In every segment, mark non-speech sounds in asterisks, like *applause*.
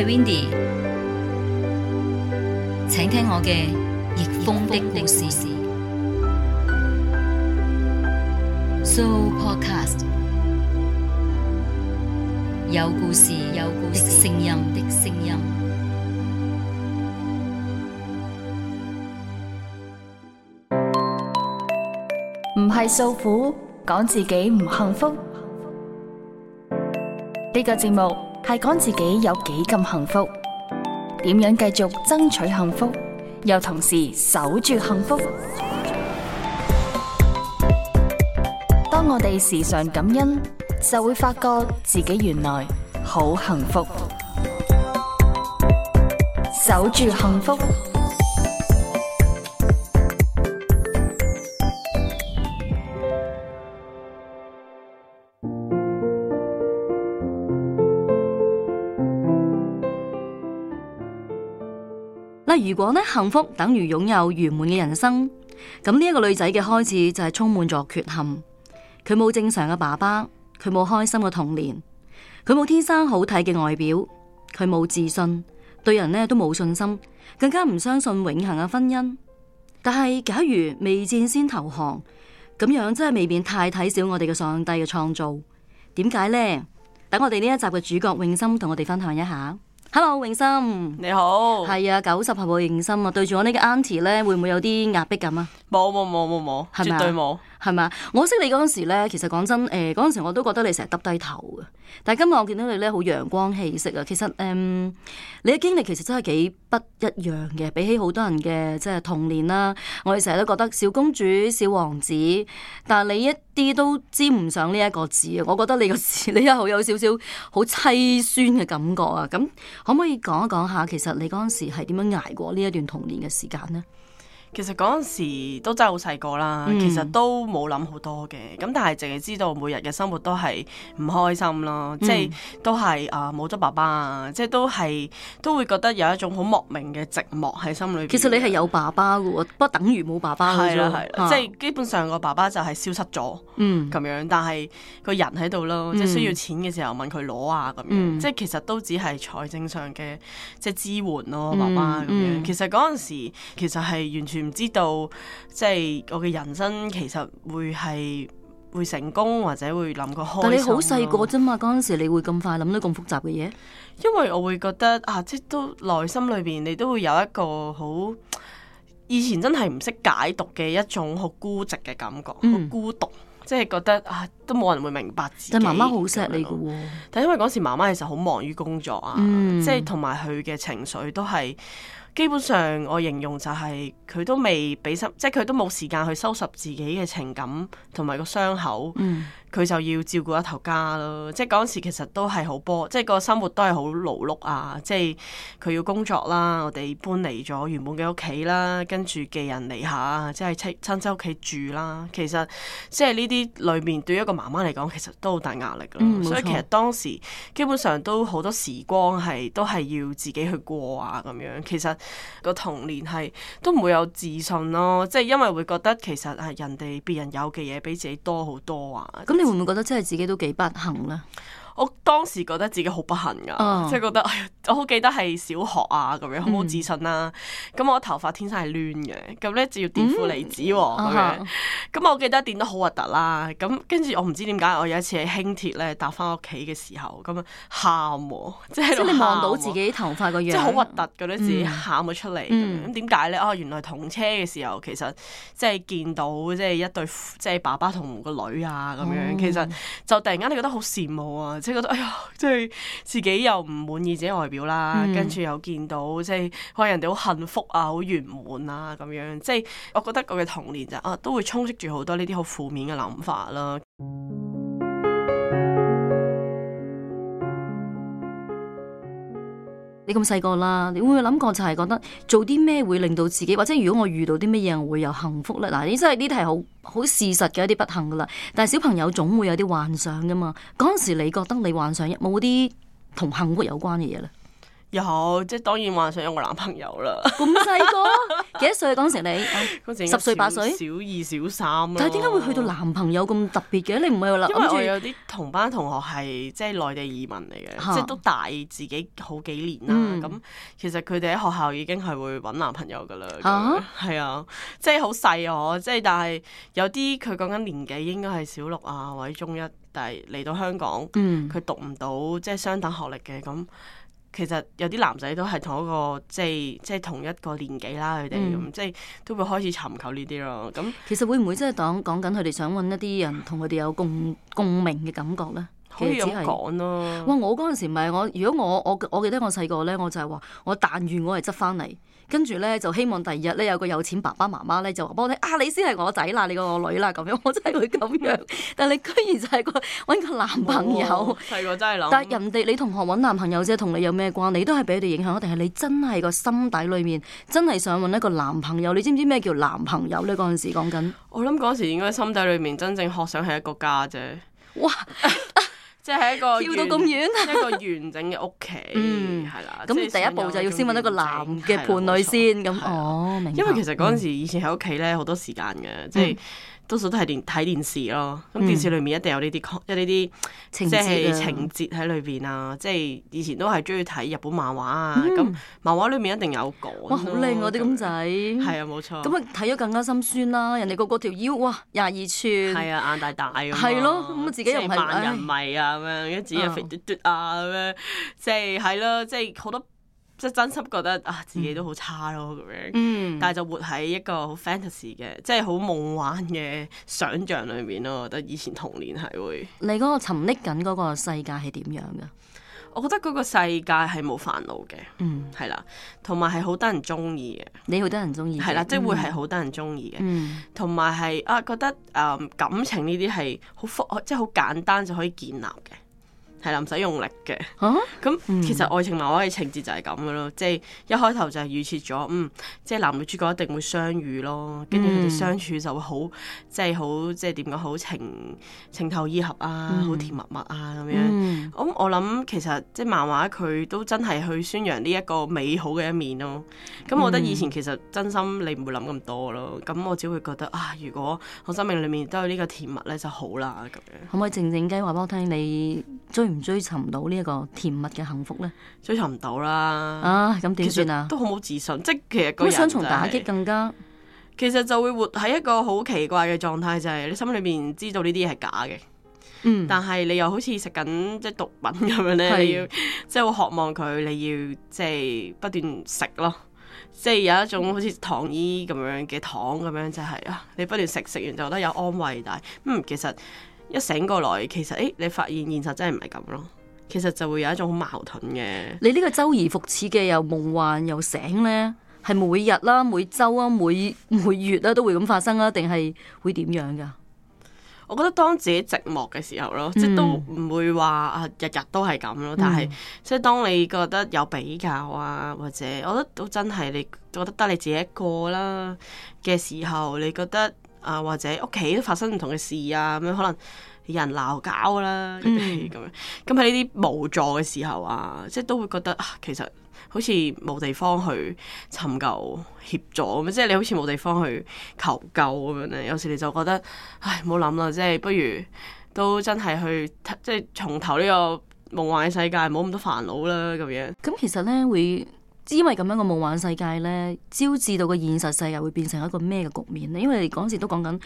係 Windy，請聽我嘅逆風的故事。So podcast 有故事，有故事聲音的聲音。唔係訴苦，講自己唔幸福。呢個節目。係講自己有幾咁幸福，點樣繼續爭取幸福，又同時守住幸福。當我哋時常感恩，就會發覺自己原來好幸福，守住幸福。如果咧，幸福等於擁有圓滿嘅人生，咁呢一個女仔嘅開始就係充滿咗缺陷。佢冇正常嘅爸爸，佢冇開心嘅童年，佢冇天生好睇嘅外表，佢冇自信，對人呢都冇信心，更加唔相信永恒嘅婚姻。但係假如未戰先投降，咁樣真係未免太睇小我哋嘅上帝嘅創造。點解呢？等我哋呢一集嘅主角永心同我哋分享一下。Hello，永心，你好，係啊，九十後嘅永心啊，對住我呢個 auntie 咧，會唔會有啲壓迫感啊？冇冇冇冇冇，吧絕對冇。係咪？我識你嗰陣時咧，其實講真，誒嗰陣時我都覺得你成日耷低頭嘅。但係今日我見到你咧，好陽光氣息啊！其實誒、呃，你嘅經歷其實真係幾不一樣嘅，比起好多人嘅即係童年啦，我哋成日都覺得小公主、小王子，但係你一啲都沾唔上呢一個字啊！我覺得你個字，你又好有少少好凄酸嘅感覺啊！咁可唔可以講一講一下，其實你嗰陣時係點樣捱過呢一段童年嘅時間呢？其實嗰陣時都真係好細個啦，嗯、其實都冇諗好多嘅，咁但係淨係知道每日嘅生活都係唔開心咯，嗯、即係都係啊冇咗爸爸、啊，即係都係都會覺得有一種好莫名嘅寂寞喺心裏邊、啊。其實你係有爸爸噶喎，不過等於冇爸爸係啦係啦，啊啊啊、即係基本上個爸爸就係消失咗，咁、嗯、樣。但係個人喺度咯，即係需要錢嘅時候問佢攞啊咁樣，即係其實都只係財政上嘅即係支援咯，爸爸咁樣、嗯嗯。其實嗰陣時其實係完全。唔知道，即係我嘅人生其實會係會成功，或者會諗個開心。但你好細個啫嘛，嗰陣時你會咁快諗到咁複雜嘅嘢？因為我會覺得啊，即係都內心裏邊你都會有一個好以前真係唔識解讀嘅一種好孤寂嘅感覺，好、嗯、孤獨，即係覺得啊，都冇人會明白自己。但係媽媽好錫你噶、啊、喎，但因為嗰時媽媽其實好忙於工作啊，即係同埋佢嘅情緒都係。基本上，我形容就係佢都未俾心，即係佢都冇時間去收拾自己嘅情感同埋個傷口。嗯佢就要照顧一頭家咯，即係嗰陣時其實都係好波，即係個生活都係好勞碌啊！即係佢要工作啦，我哋搬離咗原本嘅屋企啦，跟住寄人籬下，即係親親戚屋企住啦。其實即係呢啲裏面對一個媽媽嚟講，其實都好大壓力咯。嗯、所以其實當時基本上都好多時光係都係要自己去過啊，咁樣其實個童年係都唔會有自信咯，即係因為會覺得其實係人哋別人有嘅嘢比自己多好多啊咁。嗯就是你會唔會覺得真係自己都幾不幸呢？我當時覺得自己好不幸噶，uh huh. 即係覺得，我好記得係小學啊咁樣，好冇自信啦、啊。咁、mm. 我頭髮天生係攣嘅，咁咧就要電負離子喎、啊、咁、mm. uh huh. 我記得電得好核突啦。咁跟住我唔知點解，我有一次喺輕鐵咧搭翻屋企嘅時候，咁啊喊喎，即係即係你望到自己頭髮個樣，即係好核突，覺得、mm. 自己喊咗出嚟。咁點解咧？哦、啊，原來同車嘅時候其實即係見到即係一對即係、就是、爸爸同個女啊咁樣，其實就突然間你覺得好羨慕啊！Mm. Mm. 你覺得哎呀，即係自己又唔滿意自己外表啦，mm. 跟住又見到即係可能人哋好幸福啊，好圓滿啊咁樣，即係我覺得我嘅童年就啊，都會充斥住好多呢啲好負面嘅諗法啦。你咁細個啦，你會唔會諗過就係覺得做啲咩會令到自己，或者如果我遇到啲咩嘢，我會有幸福咧？嗱，你真係呢啲係好好事實嘅一啲不幸噶啦，但係小朋友總會有啲幻想噶嘛嗰陣時你覺得你幻想有冇啲同幸福有關嘅嘢咧？有，即係當然幻想有個男朋友啦。咁細個，幾多歲當時你？ *laughs* 啊、當時十歲八歲？小二、小三。但係點解會去到男朋友咁特別嘅？你唔係因為 著有諗住有啲同班同學係即係內地移民嚟嘅，啊、即係都大自己好幾年啦。咁、嗯、其實佢哋喺學校已經係會揾男朋友㗎啦。係啊，啊，即係好細我，即係但係有啲佢講緊年紀應該係小六啊，或者中一，但係嚟到香港，佢、嗯、讀唔到即係相等學歷嘅咁。其實有啲男仔都係同一個，即係即係同一個年紀啦，佢哋咁，嗯、即係都會開始尋求呢啲咯。咁其實會唔會即係講講緊佢哋想揾一啲人同佢哋有共共鳴嘅感覺呢？只可以講咯。哇！我嗰陣時唔係我，如果我我我記得我細個呢，我就係話我但願我係執翻嚟。跟住呢，就希望第二日呢，有個有錢爸爸媽媽呢，就話俾我聽啊！你先係我仔啦，你個女啦咁樣，我真係會咁樣。但你居然就係個揾個男朋友，細個、哦、真係諗。但人哋你同學揾男朋友啫，同你有咩關係？你都係俾佢哋影響，定係你真係個心底裏面真係想揾一個男朋友？你知唔知咩叫男朋友呢？嗰陣時講緊，我諗嗰陣時應該心底裏面真正學想係一個家姐。哇！ *laughs* *laughs* 即係一個跳到咁遠，一個完整嘅屋企，嗯，係啦。咁第一步就要先搵一個男嘅伴侶先咁。哦，明白。因為其實嗰陣時以前喺屋企咧，好多時間嘅，嗯、即係。多數都係電睇電視咯，咁電視裏面一定有呢啲即係呢啲即係情節喺裏邊啊！即係以前都係鍾意睇日本漫畫啊，咁漫畫裏面一定有講。哇，好靚嗰啲公仔。係啊，冇錯。咁啊，睇咗更加心酸啦！人哋個個條腰，哇，廿二寸。係啊，眼大大。係咯，咁啊自己又唔係咧。即係萬人迷啊，咁樣自己又肥嘟嘟啊，咁樣即係係咯，即係好多。即係真心覺得啊，自己都好差咯咁樣，嗯、但係就活喺一個好 fantasy 嘅，即係好夢幻嘅想像裏面咯。我覺得以前童年係會你嗰個沉溺緊嗰個世界係點樣㗎？我覺得嗰個世界係冇煩惱嘅，嗯，係啦，同埋係好得人中意嘅，你好得人中意，係啦，嗯、即係會係好得人中意嘅，同埋係啊，覺得啊感情呢啲係好復，即係好簡單就可以建立嘅。係唔使用力嘅，咁、啊、其實愛情漫畫嘅情節就係咁嘅咯，即係、嗯、一開頭就係預設咗，嗯，即、就、係、是、男女主角一定會相遇咯，跟住佢哋相處就會好，即係好即係點講好情情投意合啊，好、嗯、甜蜜蜜啊咁樣。咁、嗯、我諗其實即係、就是、漫畫佢都真係去宣揚呢一個美好嘅一面咯、啊。咁、嗯、我覺得以前其實真心你唔會諗咁多咯，咁我只會覺得啊，如果我生命裡面都有呢個甜蜜咧就好啦咁樣。可唔可以靜靜雞話俾我聽你？追唔追尋到呢一個甜蜜嘅幸福咧？追尋唔到啦！啊，咁點算啊？都好冇自信，即係其實會雙重打擊，擊更加其實就會活喺一個好奇怪嘅狀態，就係、是、你心裏面知道呢啲嘢係假嘅，嗯、但係你又好似食緊即係毒品咁樣咧，是你要即係好渴望佢，你要即係不斷食咯，即係有一種好似糖衣咁樣嘅糖咁樣，嗯、就係、是、啊，你不斷食，食完就覺得有安慰，但係嗯，其實。一醒過來，其實誒、哎，你發現現實真係唔係咁咯。其實就會有一種好矛盾嘅。你呢個周而復始嘅又夢幻又醒呢，係每日啦、每週啊、每每月啦都會咁發生啊，定係會點樣㗎？我覺得當自己寂寞嘅時候咯，嗯、即都唔會話啊日日都係咁咯。但係、嗯、即係當你覺得有比較啊，或者我覺得都真係你覺得得你自己一個啦嘅時候，你覺得。啊，或者屋企都發生唔同嘅事啊，咁樣可能有人鬧交啦，咁樣、嗯、咁喺呢啲無助嘅時候啊，即係都會覺得、啊、其實好似冇地方去尋求協助咁樣，即係你好似冇地方去求救咁樣咧。有時你就覺得唉，冇諗啦，即係不如都真係去即係從頭呢個夢幻嘅世界，冇咁多煩惱啦咁樣。咁其實咧會。因為咁樣嘅夢幻世界呢，招致到個現實世界會變成一個咩嘅局面呢？因為嗰陣時都講緊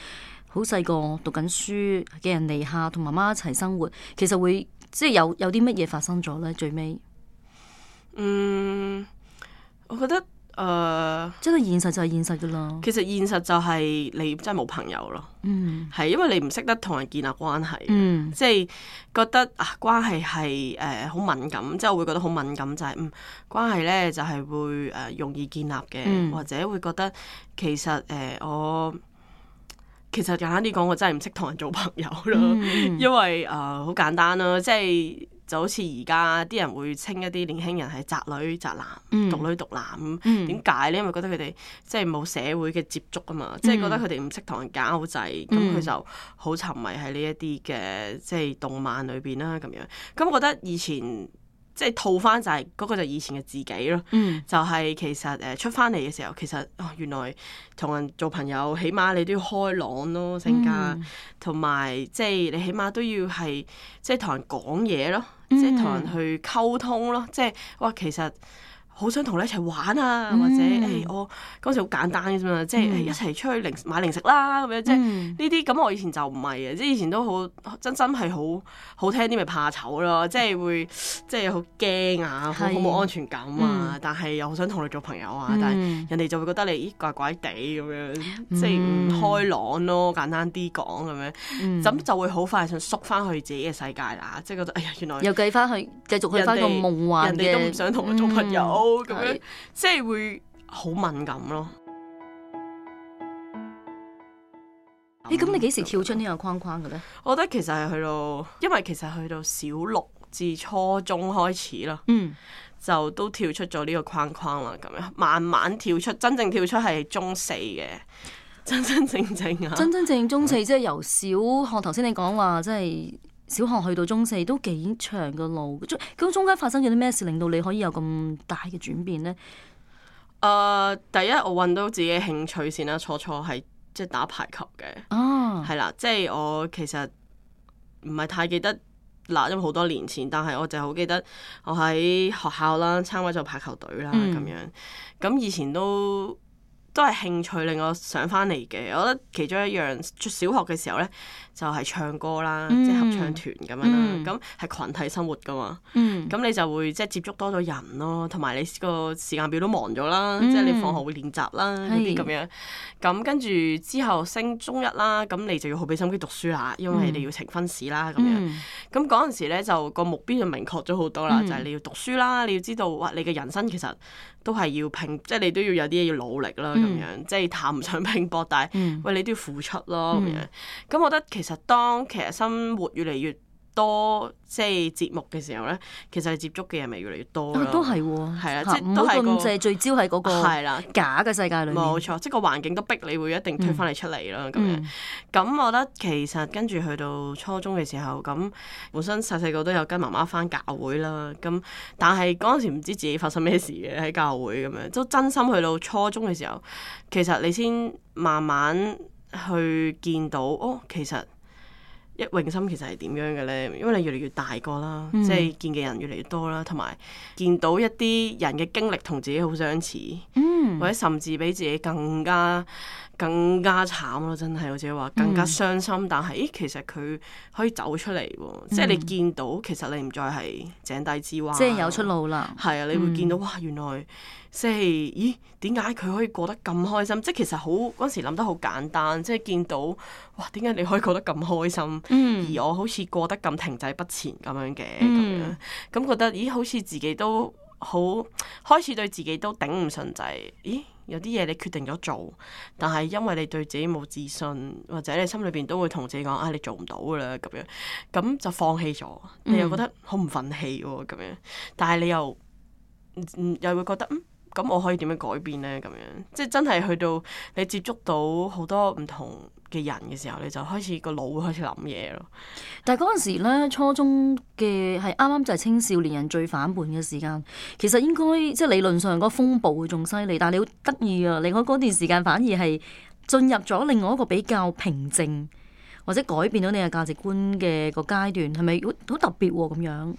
好細個讀緊書嘅人離下同媽媽一齊生活，其實會即係有有啲乜嘢發生咗呢？最尾，嗯，我覺得。誒，呃、即係現實就係現實噶咯。其實現實就係你真係冇朋友咯，係、嗯、因為你唔識得同人建立關係，嗯、即係覺得啊關係係誒好敏感，即係我會覺得好敏感、就是嗯係，就係嗯關係咧就係會誒、呃、容易建立嘅，嗯、或者會覺得其實誒、呃、我其實簡單啲講，我真係唔識同人做朋友咯，嗯、因為誒好、呃、簡單咯，即係。就好似而家啲人會稱一啲年輕人係宅女、宅男、獨女、獨男咁，點解呢？因為覺得佢哋即係冇社會嘅接觸啊嘛，即係覺得佢哋唔識同人交際，咁佢就好沉迷喺呢一啲嘅即係動漫裏邊啦咁樣。咁覺得以前即係套翻就係嗰個就以前嘅自己咯，就係其實誒出翻嚟嘅時候，其實原來同人做朋友，起碼你都要開朗咯性格，同埋即係你起碼都要係即係同人講嘢咯。即係同人去溝通咯，即係哇，其實～好想同你一齊玩啊，或者誒我嗰時好簡單嘅啫嘛，即係一齊出去零買零食啦咁樣，即係呢啲咁我以前就唔係啊，即係以前都好真真係好好聽啲咪怕醜咯，即係會即係好驚啊，好冇安全感啊，但係又好想同你做朋友啊，但係人哋就會覺得你咦怪怪地咁樣，即係唔開朗咯，簡單啲講咁樣，咁就會好快想縮翻去自己嘅世界啦，即係覺得哎呀原來又計翻去繼續去翻個夢幻人哋都唔想同我做朋友。係，即係會好敏感咯。誒、欸，咁你幾時跳出呢個框框嘅咧？我覺得其實係去到，因為其實去到小六至初中開始啦，嗯，就都跳出咗呢個框框啦。咁樣慢慢跳出，真正跳出係中四嘅，真真正正啊！真真正正中四，即係由小學頭先你講話，即係。小學去到中四都幾長嘅路，咁中間發生咗啲咩事令到你可以有咁大嘅轉變呢？誒，uh, 第一我揾到自己興趣先啦，初初係即係打排球嘅，係啦、oh.，即、就、係、是、我其實唔係太記得嗱，因為好多年前，但係我就好記得我喺學校啦，參加咗排球隊啦咁、mm. 樣。咁以前都都係興趣令我想返嚟嘅，我覺得其中一樣，小學嘅時候呢。就係唱歌啦，即係合唱團咁樣啦，咁係群體生活噶嘛，咁你就會即係接觸多咗人咯，同埋你個時間表都忙咗啦，即係你放學會練習啦呢啲咁樣。咁跟住之後升中一啦，咁你就要好俾心機讀書啦，因為你要呈分試啦咁樣。咁嗰陣時咧就個目標就明確咗好多啦，就係你要讀書啦，你要知道哇，你嘅人生其實都係要拼，即係你都要有啲嘢要努力啦咁樣，即係談唔上拼搏，但係喂你都要付出咯咁樣。咁我覺得其實其實當其實生活越嚟越多即係節目嘅時候咧，其實你接觸嘅人咪越嚟越多咯，啊。都係喎，喔，係啦了，即係五個四聚焦喺嗰個係啦假嘅世界裏面。冇錯了，即係個環境都逼你會一定退返嚟出嚟咯。咁，嗯，樣咁，嗯，我覺得其實跟住去到初中嘅時候，咁本身細細個都有跟媽媽返教會啦。咁但係嗰陣時唔知自己發生咩事嘅喺教會咁樣，都真心去到初中嘅時候，其實你先慢慢去見到哦，其實。一榮心其實係點樣嘅咧？因為你越嚟越大個啦，嗯、即係見嘅人越嚟越多啦，同埋見到一啲人嘅經歷同自己好相似，嗯、或者甚至比自己更加。更加慘咯，真係，或者話更加傷心。嗯、但係，咦，其實佢可以走出嚟喎，嗯、即係你見到，其實你唔再係井底之蛙，即係有出路啦。係啊，嗯、你會見到哇，原來即係，咦，點解佢可以過得咁開心？即係其實好嗰陣時諗得好簡單，即係見到哇，點解你可以過得咁開心？嗯、而我好似過得咁停滯不前咁樣嘅咁樣，咁、嗯嗯、覺得咦，好似自己都好開始對自己都頂唔順仔，咦？有啲嘢你決定咗做，但係因為你對自己冇自信，或者你心裏面都會同自己講啊、哎，你做唔到㗎喇咁樣，咁就放棄咗。你又覺得好唔憤氣喎咁樣，但係你又、嗯、又會覺得嗯，咁我可以點樣改變呢？咁樣即係真係去到你接觸到好多唔同嘅人嘅時候，你就開始個腦會開始諗嘢咯。但係嗰陣時咧，初中嘅係啱啱就係青少年人最反叛嘅時間。其實應該即係理論上個風暴會仲犀利，但係你好得意啊！另外嗰段時間反而係進入咗另外一個比較平靜，或者改變到你嘅價值觀嘅個階段，係咪好特別喎、啊、咁樣？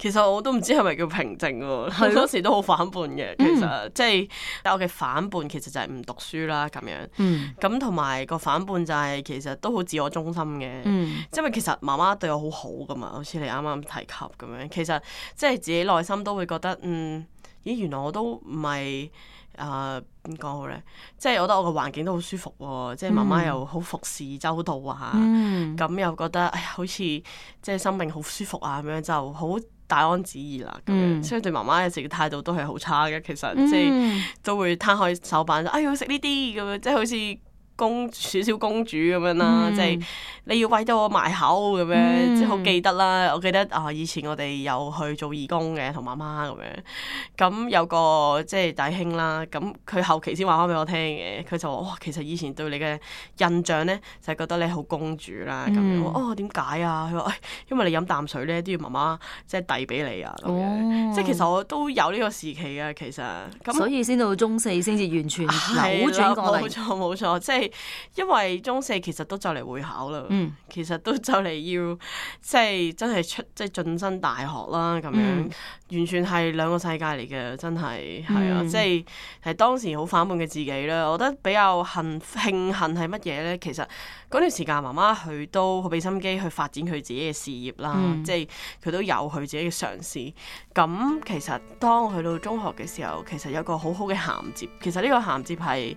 其實我都唔知係咪叫平靜喎，我當的時都好反叛嘅。其實、嗯、即係但我嘅反叛其實就係唔讀書啦咁樣。咁同埋個反叛就係、是、其實都好自我中心嘅，因為、嗯、其實媽媽對我好好噶嘛，好似你啱啱提及咁樣。其實即係自己內心都會覺得，嗯，咦原來我都唔係啊點講好咧？即係我覺得我個環境都好舒服喎，即係媽媽又好服侍周到啊，咁、嗯嗯、又覺得哎呀好似即係生命好舒服啊咁樣就好。大安旨意啦，咁樣，嗯、所以對媽媽嘅時嘅態度都係好差嘅。其實即係都會攤開手板，哎喲食呢啲咁樣，即係好似。公小小公主咁樣啦，即係、嗯、你要餵得我埋口咁樣，即係好記得啦。我記得啊，以前我哋又去做義工嘅，同媽媽咁樣。咁有個即係大兄啦，咁佢後期先話返俾我聽嘅，佢就話：哇，其實以前對你嘅印象咧，就係覺得你好公主啦咁樣、嗯，我話。哦，點解啊？佢話、哎：因為你飲啖水咧，都要媽媽即係遞俾你啊咁樣。即係、okay? 哦、其實我都有呢個時期嘅，其實。咁所以先到中四先至完全扭轉過嚟。冇錯，冇錯，即係。因為中四其實都就嚟會考啦，嗯、其實都就嚟要即係真係出即係晉身大學啦，咁樣、嗯、完全係兩個世界嚟嘅，真係係、嗯、啊，即係係當時好反叛嘅自己啦。我覺得比較幸慶幸係乜嘢呢？其實嗰段時間，媽媽佢都好俾心機去發展佢自己嘅事業啦，嗯、即係佢都有佢自己嘅嘗試。咁其實當我去到中學嘅時候，其實有個好好嘅銜接。其實呢個銜接係。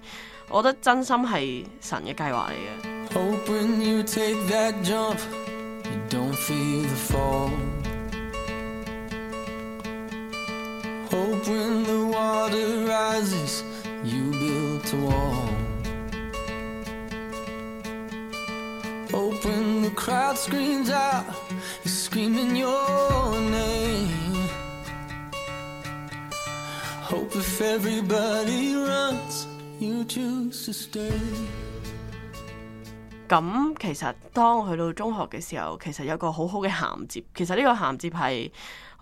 我覺得真心係神嘅計劃嚟嘅。You choose to stay. 咁其實當我去到中學嘅時候，其實有個好好嘅銜接。其實呢個銜接係。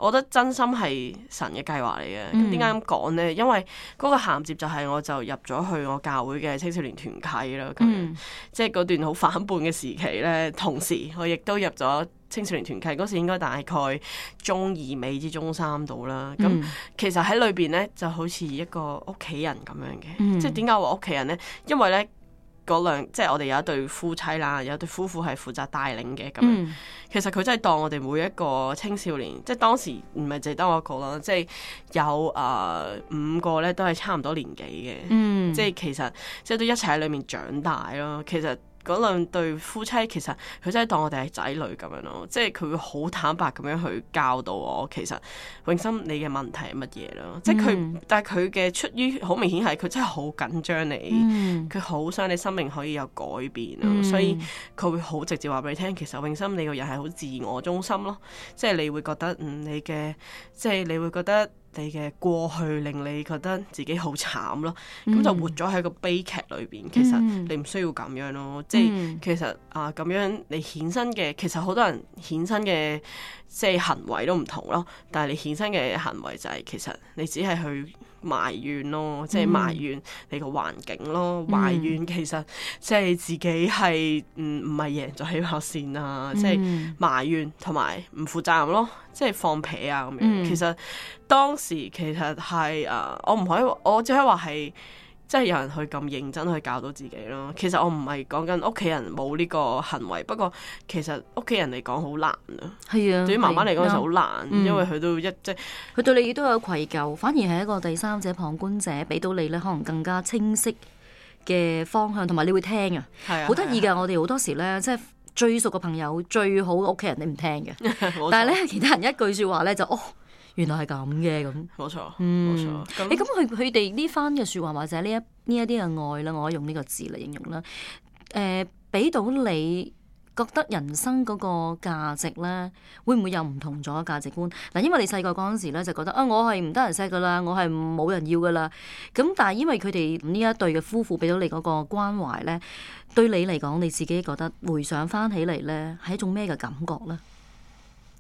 我覺得真心係神嘅計劃嚟嘅。咁點解咁講呢？因為嗰個銜接就係我就入咗去我教會嘅青少年團契啦。咁、嗯、即係嗰段好反叛嘅時期呢，同時我亦都入咗青少年團契。嗰時應該大概中二尾至中三度啦。咁其實喺裏邊呢就好似一個屋企人咁樣嘅。嗯、即係點解話屋企人呢？因為呢。嗰兩即係我哋有一對夫妻啦，有一對夫婦係負責帶領嘅咁樣，嗯、其實佢真係當我哋每一個青少年，即係當時唔係凈得我一個啦，即係有誒、呃、五個咧，都係差唔多年紀嘅，嗯，即係其實即係都一齊喺裡面長大咯。其實。嗰兩對夫妻，其實佢真係當我哋係仔女咁樣咯，即係佢會好坦白咁樣去教導我。其實永森你嘅問題係乜嘢咯？即係佢，嗯、但係佢嘅出於好明顯係佢真係好緊張你，佢好、嗯、想你生命可以有改變咯，嗯、所以佢會好直接話俾你聽。其實永森你個人係好自我中心咯，即係你會覺得嗯你嘅，即係你會覺得。嗯你你嘅過去令你覺得自己好慘咯，咁、嗯、就活咗喺個悲劇裏邊。其實你唔需要咁樣咯，嗯、即係其實啊，咁樣你衍生嘅，其實好、啊、多人衍生嘅。即係行為都唔同咯，但係你現身嘅行為就係其實你只係去埋怨咯，即係埋怨你個環境咯，埋怨其實即係你自己係唔唔係贏咗起跑線啊，即係埋怨同埋唔負責任咯，即係放屁啊咁樣。其實當時其實係啊，我唔可以，我只可以話係。即係有人去咁認真去教到自己咯。其實我唔係講緊屋企人冇呢個行為，不過其實屋企人嚟講好難啊。係啊，對於媽媽嚟講係好難，啊、因為佢都一即佢對你亦都有愧疚，反而係一個第三者旁觀者，俾到你咧可能更加清晰嘅方向，同埋你會聽啊。係啊，好得意㗎。我哋好多時咧，即係最熟嘅朋友、最好嘅屋企人，你唔聽嘅。但係咧，其他人一句説話咧就哦。原來係咁嘅，咁冇錯，冇錯、嗯、冇錯。你咁佢佢哋呢番嘅説話或者呢一呢一啲嘅愛啦，我可以用呢個字嚟形容啦。誒、呃，俾到你覺得人生嗰個價值咧，會唔會有唔同咗價值觀？嗱，因為你細個嗰陣時咧就覺得啊，我係唔得人錫噶啦，我係冇人要噶啦。咁但係因為佢哋呢一對嘅夫婦俾到你嗰個關懷咧，對你嚟講，你自己覺得回想返起嚟咧係一種咩嘅感覺咧？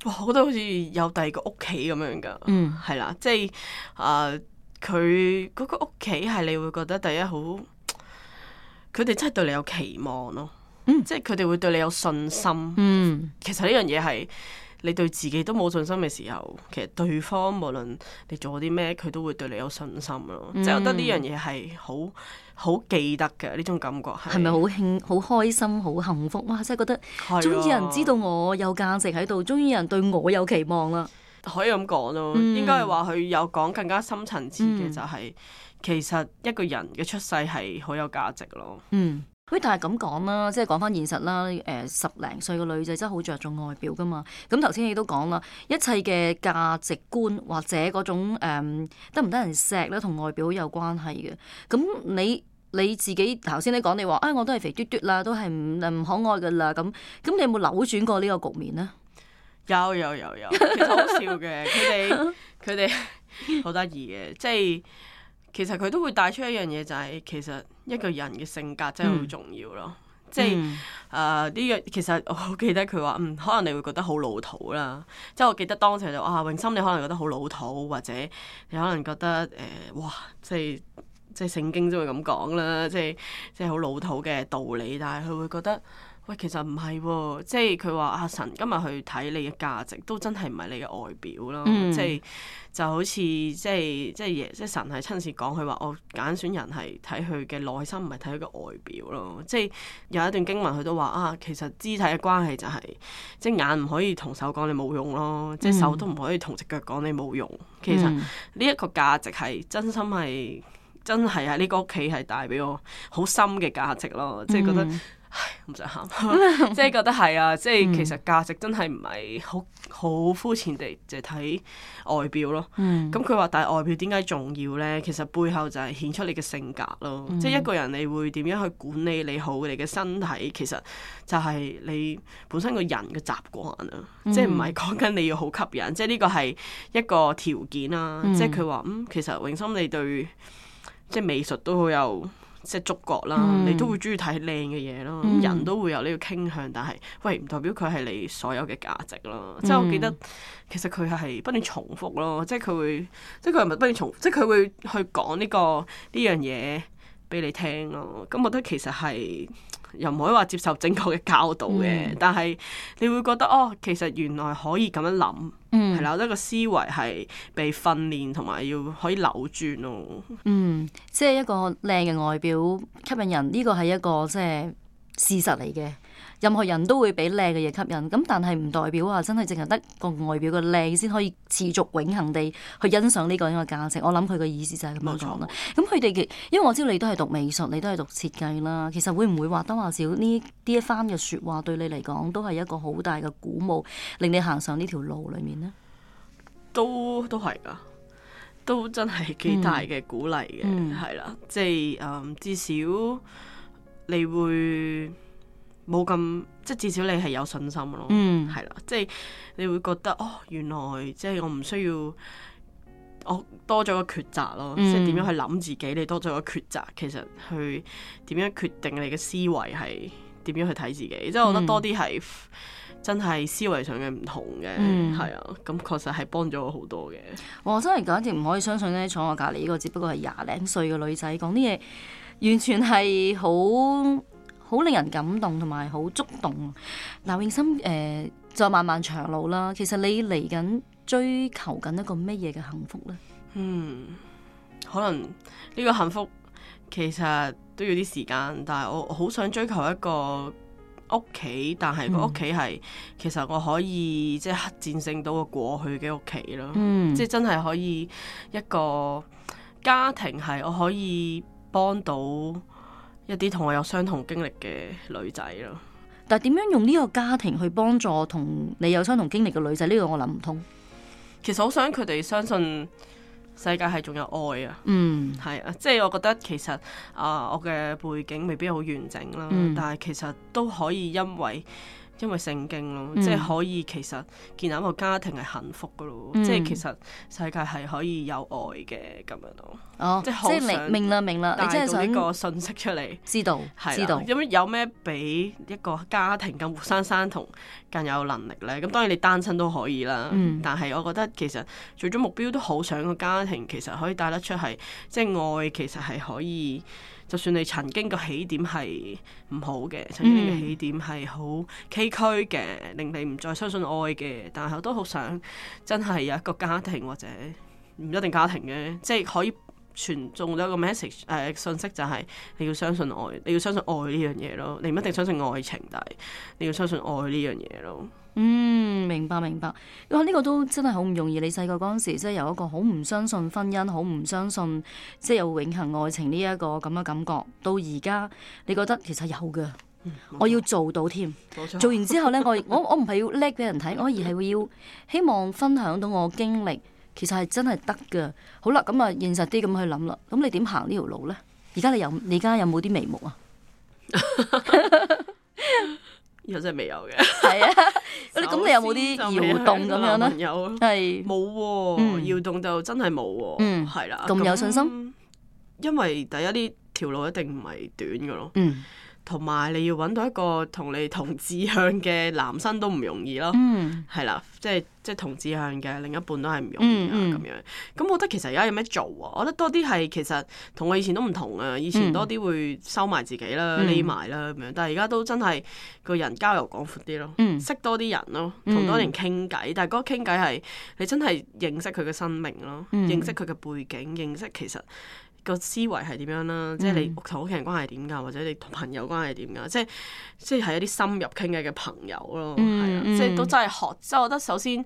哇，我都好似有第二個屋企咁樣噶，係啦、嗯，即係啊，佢、呃、嗰個屋企係你會覺得第一好，佢哋真係對你有期望咯，嗯、即係佢哋會對你有信心。嗯，其實呢樣嘢係。你對自己都冇信心嘅時候，其實對方無論你做啲咩，佢都會對你有信心咯。即係、嗯、覺得呢樣嘢係好好記得嘅呢種感覺，係咪好興、好開心、好幸福？哇！真係覺得終於有人知道我有價值喺度，終於有人對我有期望啦。可以咁講咯，嗯、應該係話佢有講更加深層次嘅、就是，就係、嗯、其實一個人嘅出世係好有價值咯。嗯。喂，但係咁講啦，即係講翻現實啦。誒，十零歲個女仔真係好着重外表噶嘛。咁頭先你都講啦，一切嘅價值觀或者嗰種、嗯、得唔得人錫咧，同外表有關係嘅。咁你你自己頭先你講你話，啊、哎，我都係肥嘟嘟啦，都係唔唔可愛噶啦。咁咁你有冇扭轉過呢個局面呢？有有有有，其實好笑嘅，佢哋佢哋好得意嘅，即係。其實佢都會帶出一樣嘢，就係、是、其實一個人嘅性格真係好重要咯。嗯、即係誒呢樣，其實我好記得佢話，嗯，可能你會覺得好老土啦。即係我記得當時就，哇、啊，永心你可能覺得好老土，或者你可能覺得誒、呃，哇，即係即係聖經都會咁講啦，即係即係好老土嘅道理，但係佢會覺得。其實唔係喎，即係佢話阿神今日去睇你嘅價值，都真係唔係你嘅外表咯。即係就好似即係即係耶，即係神係親自講佢話，我揀選人係睇佢嘅內心，唔係睇佢嘅外表咯。即係、嗯就是就是、有一段經文，佢都話啊，其實肢體嘅關係就係、是、隻、就是、眼唔可以同手講你冇用咯，即係、嗯、手都唔可以同隻腳講你冇用。嗯、其實呢一個價值係真心係真係喺呢個屋企係帶俾我好深嘅價值咯，即係、嗯、覺得。唉，唔使喊，即 *laughs* 係覺得係啊，即係 *laughs* 其實價值真係唔係好好膚淺地淨係睇外表咯。咁佢話但係外表點解重要咧？其實背後就係顯出你嘅性格咯。即係 *noise* 一個人你會點樣去管理你好你嘅身體，其實就係你本身個人嘅習慣啊。即係唔係講緊你要好吸引，即係呢個係一個條件啊。即係佢話嗯，其實永心你對即係、就是、美術都好有。即係觸覺啦，嗯、你都會中意睇靚嘅嘢咯。嗯、人都會有呢個傾向，但係，喂，唔代表佢係你所有嘅價值咯。嗯、即係我記得，其實佢係不斷重複咯。即係佢會，即係佢係咪不斷重複？即係佢會去講呢、呢個呢樣嘢俾你聽咯。咁我覺得其實係。又唔可以話接受正確嘅教導嘅，嗯、但係你會覺得哦，其實原來可以咁樣諗，係啦、嗯，我覺得個思維係被訓練同埋要可以扭轉咯。嗯，即係一個靚嘅外表吸引人，呢個係一個即係事實嚟嘅。任何人都會俾靚嘅嘢吸引，咁但係唔代表話真係淨係得個外表嘅靚先可以持續永恆地去欣賞呢個呢個價值。我諗佢嘅意思就係咁講啦。咁佢哋嘅，因為我知道你都係讀美術，你都係讀設計啦。其實會唔會話多話少呢啲一番嘅説話對你嚟講都係一個好大嘅鼓舞，令你行上呢條路裏面呢，都都係㗎，都真係幾大嘅鼓勵嘅，係啦，即係、嗯、至少你會。冇咁，即係至少你係有信心咯，係啦、嗯，即係你會覺得哦，原來即係我唔需要我多咗個抉擇咯，嗯、即係點樣去諗自己，你多咗個抉擇，其實去點樣決定你嘅思維係點樣去睇自己，嗯、即係我覺得多啲係真係思維上嘅唔同嘅，係啊、嗯，咁確實係幫咗我好多嘅。我真係簡直唔可以相信咧，坐我隔籬呢個只不過係廿零歲嘅女仔，講啲嘢完全係好。好令人感動同埋好觸動。劉永生誒，就漫漫長路啦。其實你嚟緊追求緊一個咩嘢嘅幸福呢？嗯，可能呢個幸福其實都要啲時間，但係我好想追求一個屋企，但係個屋企係其實我可以即係、就是、戰勝到個過去嘅屋企咯。即係、嗯、真係可以一個家庭係我可以幫到。一啲同我有相同經歷嘅女仔咯，但點樣用呢個家庭去幫助同你有相同經歷嘅女仔呢？呢個我諗唔通。其實我想佢哋相信世界係仲有愛、嗯、啊。嗯，係啊，即係我覺得其實啊、呃，我嘅背景未必好完整啦，嗯、但係其實都可以因為。因為聖經咯，嗯、即係可以其實建立一個家庭係幸福嘅咯，嗯、即係其實世界係可以有愛嘅咁樣咯。哦，即係明明啦，明啦，即係呢個信息出嚟，哦、知道，知道。啦知道有咩比一個家庭更活生生同更有能力咧？咁當然你單親都可以啦，嗯、但係我覺得其實最終目標都好想個家庭其實可以帶得出係，即係愛其實係可以。就算你曾經個起點係唔好嘅，曾經嘅起點係好崎嶇嘅，令你唔再相信愛嘅，但係我都好想真係有一個家庭或者唔一定家庭嘅，即係可以傳送咗一個 message 誒、呃、信息，就係你要相信愛，你要相信愛呢樣嘢咯。你唔一定相信愛情，但係你要相信愛呢樣嘢咯。嗯，明白明白。哇，呢個都真係好唔容易。你細個嗰陣時，即係有一個好唔相信婚姻，好唔相信即係有永恆愛情呢一個咁嘅感覺。到而家，你覺得其實有嘅，嗯，我要做到添。冇錯。做完之後呢，我我唔係要叻俾人睇，我， *laughs* 我而係要希望分享到我經歷。其實係真係得嘅。好啦，咁啊，現實啲咁去諗啦。咁你點行呢條路呢？而家你有你而家有冇啲眉目啊？ *laughs* *laughs* 又真係未有嘅 *laughs* 先，係啊！咁你有冇啲搖動咁樣咧？有，係冇喎，搖動就真係冇喎。嗯，係啦，咁有信心？因為第一啲條路一定唔係短嘅咯。嗯。同埋你要揾到一個同你同志向嘅男生都唔容易咯，係啦，嗯，即係即係同志向嘅另一半都係唔容易啊，咁、嗯、樣。咁我覺得其實而家有咩做啊？我覺得多啲係其實同我以前都唔同啊。以前多啲會收埋自己啦，匿埋啦咁樣，但係而家都真係個人交遊廣闊啲咯，嗯、識多啲人咯，同多啲人傾偈。但係嗰傾偈係你真係認識佢嘅生命咯，嗯、認識佢嘅背景，認識其實。個思維係點樣啦、啊？即係你同屋企人關係點㗎，或者你同朋友關係點㗎？即係即係係一啲深入傾偈嘅朋友咯，係、嗯嗯、啊！即係都真係學，即係我覺得首先。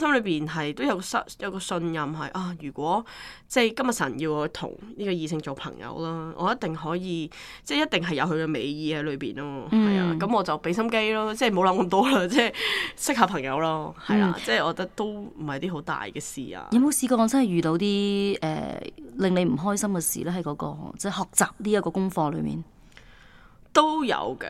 心裏邊係都有個信，有個信任係啊。如果即係今日神要我同呢個異性做朋友啦，我一定可以，即係一定係有佢嘅美意喺裏邊咯。係、嗯、啊，咁我就俾心機咯，即係冇諗咁多啦，即係識下朋友咯，係啦、啊，嗯、即係我覺得都唔係啲好大嘅事啊。嗯、有冇試過我真係遇到啲誒、呃、令你唔開心嘅事咧？喺嗰、個即係學習呢一個功課裏面？都有嘅，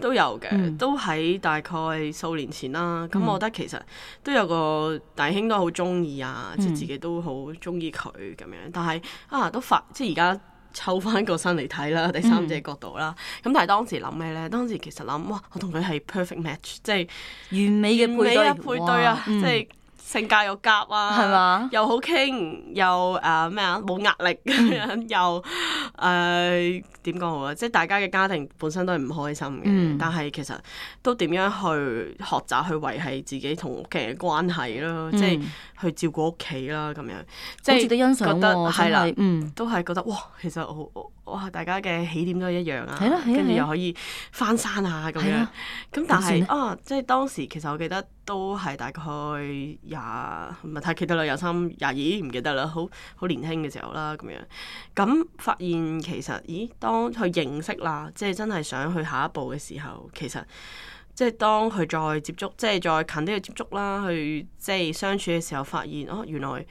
都有嘅，嗯、都喺大概數年前啦。咁、嗯、我覺得其實都有個大兄都好中意啊，嗯、即係自己都好中意佢咁樣。但係啊，都發即係而家抽翻個身嚟睇啦，第三者角度啦。咁、嗯、但係當時諗咩呢？當時其實諗哇，我同佢係 perfect match，即係完美嘅配對，配對啊，即係。嗯就是性格又夾啊，係嘛又好傾，又誒咩啊，冇壓力咁樣，嗯、又誒點講好啊？即係大家嘅家庭本身都係唔開心嘅，嗯、但係其實都點樣去學習去維繫自己同屋企人嘅關係囉，嗯、即係去照顧屋企啦咁樣，嗯、即係覺得係、啊嗯、啦，都係覺得哇，其實我。哇！大家嘅起點都係一樣啊，跟住、啊啊、又可以翻山啊咁、啊、樣。咁但係是啊，即係當時其實我記得都係大概廿，唔係太記得啦，廿三、廿二唔記得啦，好好年輕嘅時候啦咁樣。咁發現其實，咦？當佢認識啦，即係真係想去下一步嘅時候，其實即係當佢再接觸，即係再近啲去接觸啦，去即係相處嘅時候，發現哦、啊，原來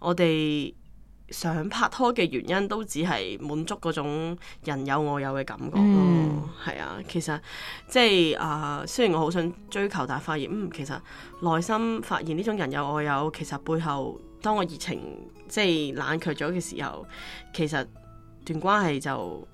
我哋。想拍拖嘅原因都只係滿足嗰種人有我有嘅感覺咯，係啊、mm.，其實即係啊，雖然我好想追求，但係發現嗯，其實內心發現呢種人有我有，其實背後當我熱情即係冷卻咗嘅時候，其實段關係就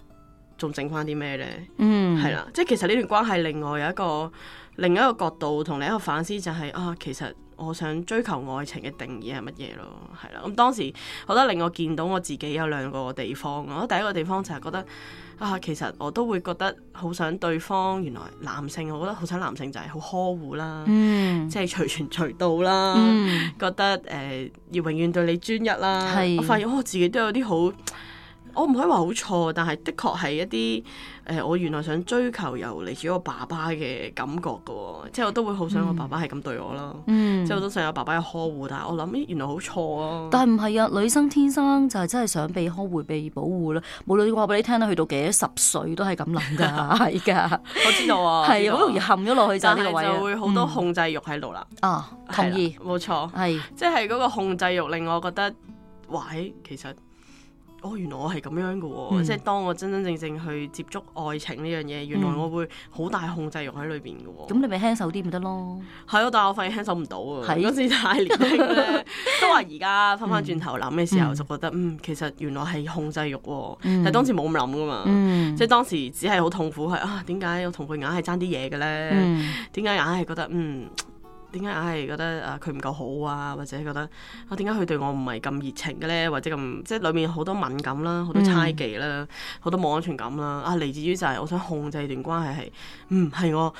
仲剩返啲咩呢？嗯，係啦，即係其實呢段關係另外有一個另一個角度同另一個反思就係、是、啊，其實。我想追求愛情嘅定義係乜嘢咯？係啦，咁當時我覺得令我見到我自己有兩個個地方。我覺得第一個地方就係覺得啊，其實我都會覺得好想對方。原來男性，我覺得好想男性就係好呵護啦，嗯，即係隨傳隨到啦，嗯、覺得誒要、呃、永遠對你專一啦。的我發現我自己都有啲好。我唔可以話好錯，但係的確係一啲誒、呃，我原來想追求又嚟自我爸爸嘅感覺嘅、哦，即、就、係、是、我都會好想我爸爸係咁對我啦。即係、mm. 我都想有爸爸嘅呵護，但係我諗原來好錯啊！但係唔係啊？女生天生就係真係想被呵護、被保護啦。無論我話俾你聽，去到幾多十歲都係咁諗㗎，係㗎 *laughs* 的我知道，啊。係好容易陷咗落去但是 就呢個位、啊，會好多控制欲喺度啦。啊，啦同意，冇錯，係即係嗰個控制欲令我覺得，喂，其實。哦，原來我係咁樣嘅喎、哦，嗯、即係當我真真正正去接觸愛情呢樣嘢，原來我會好大控制欲喺裏邊嘅喎。咁你咪輕手啲咪得咯？係咯，但係我發現輕手唔到啊。嗰時是太年輕 *laughs* 都話而家翻翻轉頭諗嘅時候，嗯、就覺得嗯，其實原來係控制欲、哦，嗯、但係當時冇咁諗噶嘛。嗯、即係當時只係好痛苦係啊，點解要同佢硬係爭啲嘢嘅咧？嗯、點解硬係覺得嗯？點解硬係覺得啊，佢唔夠好啊，或者覺得我，點解佢對我唔係咁熱情嘅咧，或者咁即係裏面好多敏感啦，好多猜忌啦，好、嗯、多冇安全感啦，啊，嚟自於就係我想控制段關係係，嗯係我。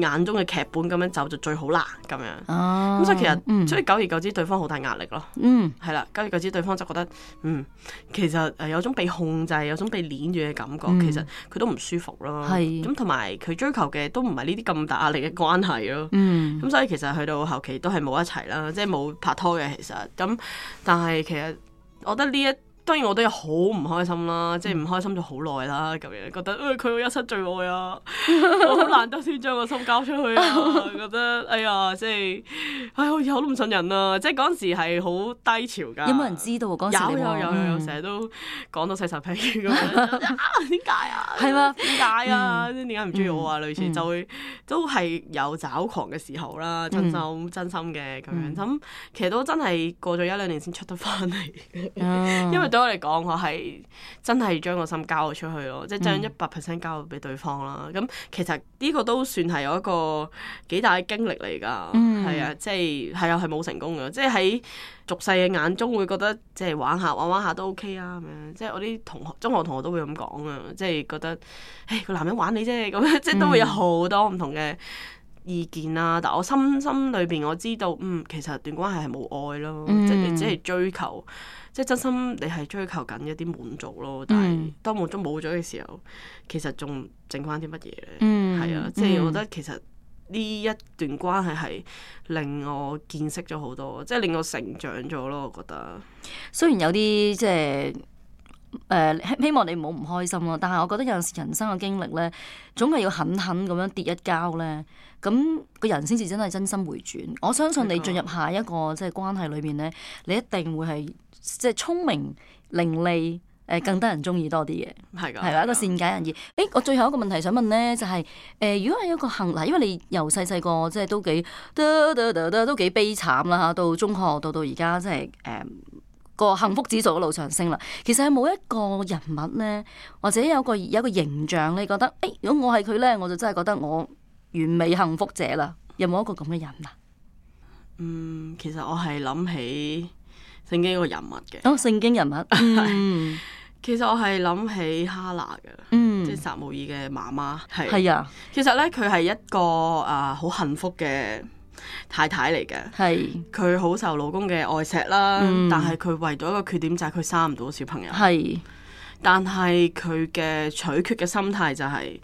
眼中嘅劇本咁樣走就最好啦，咁樣。哦、oh, 嗯。咁所以其實，所以久而久之對方好大壓力咯。嗯。係啦，久而久之對方就覺得，嗯，其實係有種被控制、有種被綁住嘅感覺，嗯、其實佢都唔舒服咯。係。咁同埋佢追求嘅都唔係呢啲咁大壓力嘅關係咯。嗯。咁、嗯、所以其實去到後期都係冇一齊啦，即係冇拍拖嘅其實。咁、嗯，但係其實我覺得呢一當然我都有好唔開心啦，即係唔開心咗好耐啦，咁樣覺得，佢會一失最愛啊！我好難得先將個心交出去啊，覺得哎呀，即係唉，我以後都唔信人啦，即係嗰陣時係好低潮㗎。有冇人知道嗰時你啊？有有有有，成日都講到細手皮咁啊？點解啊？係嘛？點解啊？點解唔中意我啊？類似就會都係有抓狂嘅時候啦，真心真心嘅咁樣，咁其實都真係過咗一兩年先出得返嚟，因為。對我嚟講，我係真係將個心交咗出去咯，即係將一百 percent 交咗俾對方啦。咁、嗯、其實呢個都算係有一個幾大經歷嚟噶，係、嗯、啊，即係係啊，係冇成功嘅。即係喺俗世嘅眼中會覺得，即係玩下玩玩下都 OK 啊咁樣。即係我啲同學，中學同學都會咁講啊，即係覺得誒個男人玩你啫，咁樣即係都會有好多唔同嘅意見啊。但我心心裏邊我知道，嗯，其實段關係係冇愛咯，嗯、即係只係追求。即係真心，你係追求緊一啲滿足咯。但係當滿足冇咗嘅時候，其實仲剩翻啲乜嘢咧？嗯、係啊，即係我覺得其實呢一段關係係令我見識咗好多，即係令我成長咗咯。我覺得雖然有啲即係誒希望你唔好唔開心咯，但係我覺得有陣時人生嘅經歷咧，總係要狠狠咁樣跌一跤咧，咁、那個人先至真係真心回轉。我相信你進入下一個即係、就是、關係裏面咧，你一定會係。即係聰明伶俐，誒，更得人中意多啲嘅，係噶，係一個善解人意。誒、欸，我最後一個問題想問咧，就係、是，誒、呃，如果係一個幸，因為你由細細個即係都幾，都都都幾悲慘啦吓，到中學，到到而家即係，誒、嗯，個幸福指數嘅路上升啦。其實有冇一個人物咧，或者有個有個形象咧，覺得，誒、欸，如果我係佢咧，我就真係覺得我完美幸福者啦。有冇一個咁嘅人啊？嗯，其實我係諗起。聖經一個人物嘅，哦、oh，聖經人物，嗯， *laughs* 其實我係諗起哈拿嘅，嗯，即係撒母耳嘅媽媽，係，係啊，其實咧佢係一個啊好、呃、幸福嘅太太嚟嘅，係是，佢好受老公嘅愛錫啦，嗯、但係佢唯獨一個缺點就係佢生唔到小朋友，係是，但係佢嘅取決嘅心態就係、是。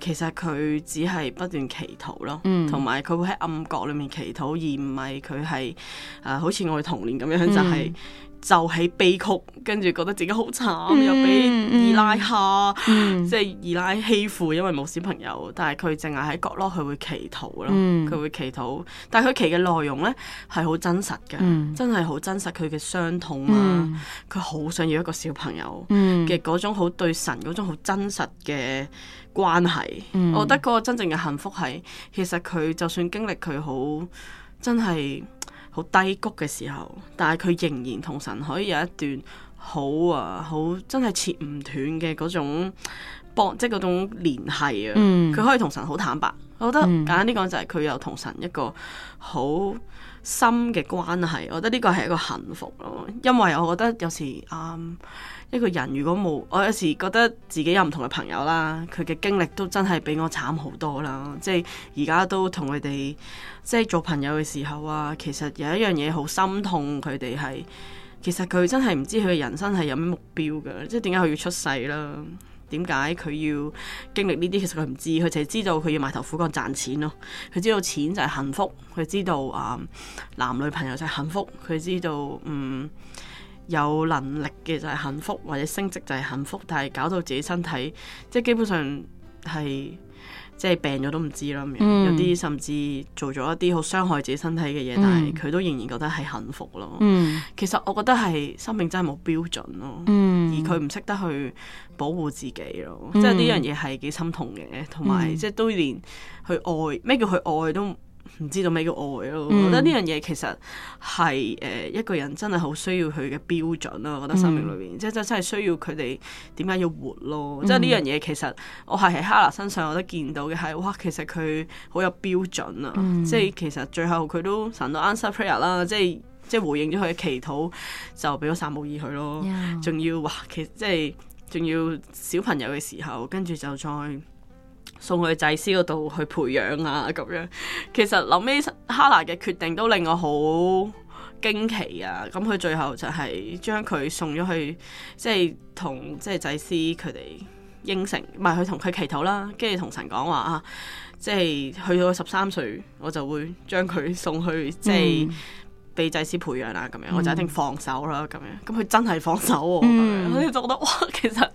其實佢只係不斷祈禱咯，同埋佢會喺暗角裏面祈禱，而唔係佢係誒好似我哋童年咁樣就係、是。嗯就係悲曲，跟住覺得自己好慘，嗯嗯、又俾二奶下，即係二奶欺負，因為冇小朋友。但係佢淨係喺角落，佢會祈禱啦，佢、嗯、會祈禱。但係佢祈嘅內容呢係好真實嘅，嗯、真係好真實。佢嘅傷痛啊，佢好、嗯、想要一個小朋友嘅嗰、嗯、種好對神嗰種好真實嘅關係。嗯、我覺得嗰個真正嘅幸福係，其實佢就算經歷佢好真係。真好低谷嘅時候，但係佢仍然同神可以有一段好啊，好真係切唔斷嘅嗰種幫，即係嗰種聯繫啊。佢、嗯、可以同神好坦白，我覺得簡單啲講就係佢有同神一個好。心嘅關係，我覺得呢個係一個幸福咯。因為我覺得有時，嗯，一個人如果冇，我有時覺得自己有唔同嘅朋友啦，佢嘅經歷都真係比我慘好多啦。即係而家都同佢哋即係做朋友嘅時候啊，其實有一樣嘢好心痛，佢哋係，其實佢真係唔知佢嘅人生係有咩目標㗎，即係點解佢要出世啦？點解佢要經歷呢啲？其實佢唔知，佢淨係知道佢要埋頭苦幹賺錢咯。佢知道錢就係幸福，佢知道啊、嗯、男女朋友就係幸福，佢知道嗯有能力嘅就係幸福，或者升職就係幸福，但係搞到自己身體，即係基本上係。即係病咗都唔知啦，嗯、有啲甚至做咗一啲好傷害自己身體嘅嘢，嗯、但係佢都仍然覺得係幸福咯。嗯、其實我覺得係生命真係冇標準咯，嗯、而佢唔識得去保護自己咯，嗯、即係呢樣嘢係幾心痛嘅，同埋即係都連去愛咩、嗯、叫去愛都。唔知道咩叫愛咯、啊，嗯、我覺得呢樣嘢其實係誒一個人真係好需要佢嘅標準咯、啊。我覺得生命裏邊，嗯、即係真真係需要佢哋點解要活咯。嗯、即係呢樣嘢其實我係喺哈拿身上我都見到嘅係，哇！其實佢好有標準啊。嗯、即係其實最後佢都神到 answer prayer 啦，即係即係回應咗佢嘅祈禱，就俾咗撒母耳佢咯。仲 Yeah. 要哇，其即係仲要小朋友嘅時候，跟住就再。送去祭司嗰度去培養啊，咁樣其實諗起哈娜嘅決定都令我好驚奇啊！咁佢最後就係將佢送咗去，即係同即係祭司佢哋應承，唔係佢同佢祈禱啦，跟住同神講話啊，即係去到十三歲，我就會將佢送去，即係。嗯被祭師培養啦，咁樣我就一定放手啦，咁、嗯、樣，咁佢真係放手喎，我就覺得哇，其實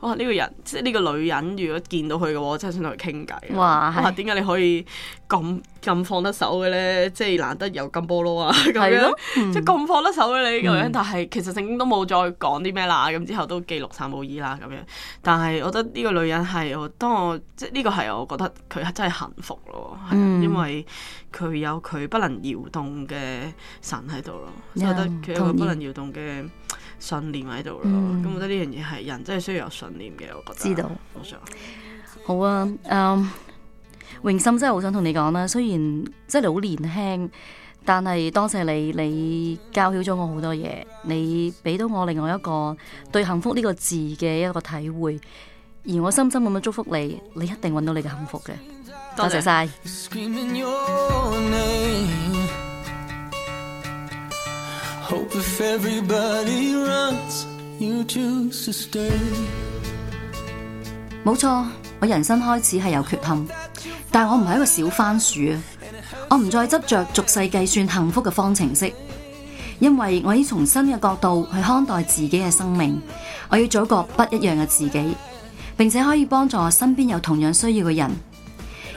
哇呢、這個人，即係呢個女人，如果見到佢嘅話，我真係想同佢傾偈。哇，點解說唉你可以咁？咁放得手嘅咧，即係難得有金波咯、啊。啊 *laughs* 咁樣，即係咁放得手嘅你咁樣，但係其實聖經都冇再講啲咩啦，咁之後都記錄晒冇意啦咁樣。但係我覺得呢個女人係我，當我即係呢個係我覺得佢係真係幸福咯， *noise* 因為佢有佢不能搖動嘅神喺度咯，所以 Yeah,、so、我覺得佢有佢不能搖動嘅信念喺度咯。咁我 *noise* 覺得呢樣嘢係人真係需要有信念嘅，我覺得。知道。我想。好啊。榮森真係好想同你講啦，雖然真係你好年輕，但係多謝你，你教曉咗我好多嘢，你俾到我另外一個對幸福呢個字嘅一個體會，而我深深咁樣祝福你，你一定搵到你嘅幸福嘅。多謝晒。冇錯， *music* 我人生開始係有缺陷。但我唔係一個小番薯啊！我唔再執着俗世計算幸福嘅方程式，因為我要從新嘅角度去看待自己嘅生命，我要做一個不一樣嘅自己，並且可以幫助身邊有同樣需要嘅人。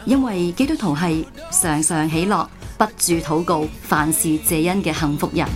因為基督徒係常常喜樂、不住禱告、凡事謝恩嘅幸福人。